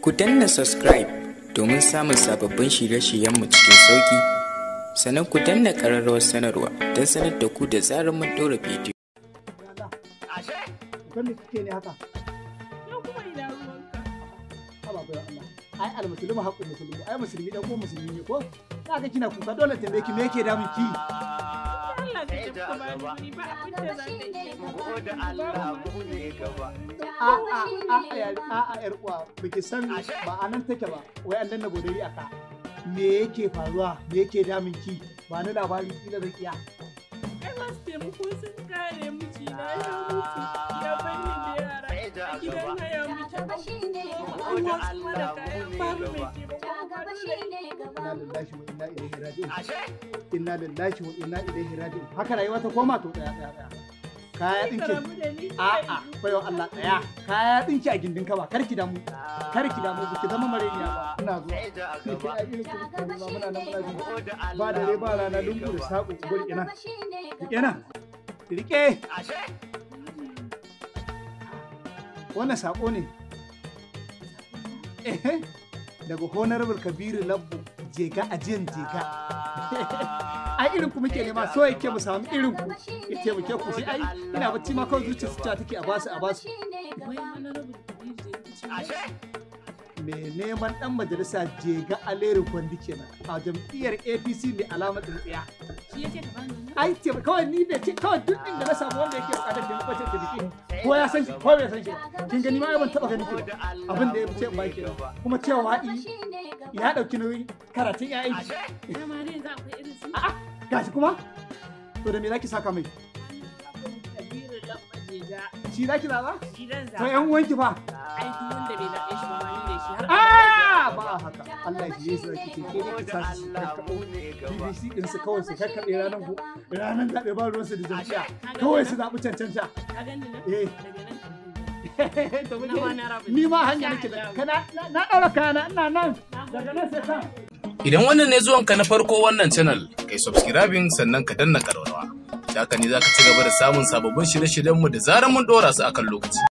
Ku danna subscribe domin samun sababbin shirye-shiryenmu cikin sauƙi, sannan ku danna ƙararrawar sanarwa don sanar da ku da zarar mun ɗora bidiyo. ai almusulmi haƙƙun musulmi ai musulmi dan musulmi ne ko za ka kina kuka dole tambaye ki me yake Allah ba da Allah ku ne gaba a'a yar uwa baki san ba a nan take ba wai an danna godari aka me yake faruwa me yake damun ki ba na labari kila da kiya ai ba su taimako sun kare miji na yi mutu ya bani da yara a gidan na ya mutu ne an kuma su mara kayan babu mai taimako inna lillahi wa inna ilaihi raji'un haka rayuwa ta koma to daya daya daya kaya dinki a'a bayo Allah daya kaya dinki a gindin kaba kar ki damu kar ki damu ki zama mareniya ba ina zo ki ki a gindin kaba muna nan muna bi ba dare ba rana lungu da sako gori ina ina rike wannan sako ne eh daga honorable kabiru labbu ka a jin ka a irin ku muke nema so yake mu samu irin ku ya muke ku sai ai ina bacci ma kawai zuciya su ta take a basu a basu mai neman dan majalisa jega alerin kwandi kenan a jam'iyyar apc mai alamar tsintsiya ai ce kawai ni ne ce kawai duk inda na samu wanda yake bukatar da kwace da jiki eh. ko ya san shi ko bai san shi kin gani ma ban taba gani ke abin da ya fice ba ke kuma cewa i ya ɗauki nauyi karatun ya aiki. A'a shi kuma? To da me zaki saka mai? Shi zaki zaba? To ƴan ki fa? Aiki wanda bai zaɓe shi ba ne shi har ba haka Allah ki ke ne kisa su kakkaɓo BBC din su kawai su kakkaɓe ranar ranar zaɓe ba su da jam'iyya kawai su zaɓi cancanta. Ka gani na? Eh. idan wannan ne zuwanka na farko wannan channel kai subscribing sannan ka danna karwarwa ta haka ne za ka ci gaba da samun sababbin shirye-shiryenmu da zarar mun dora su akan lokaci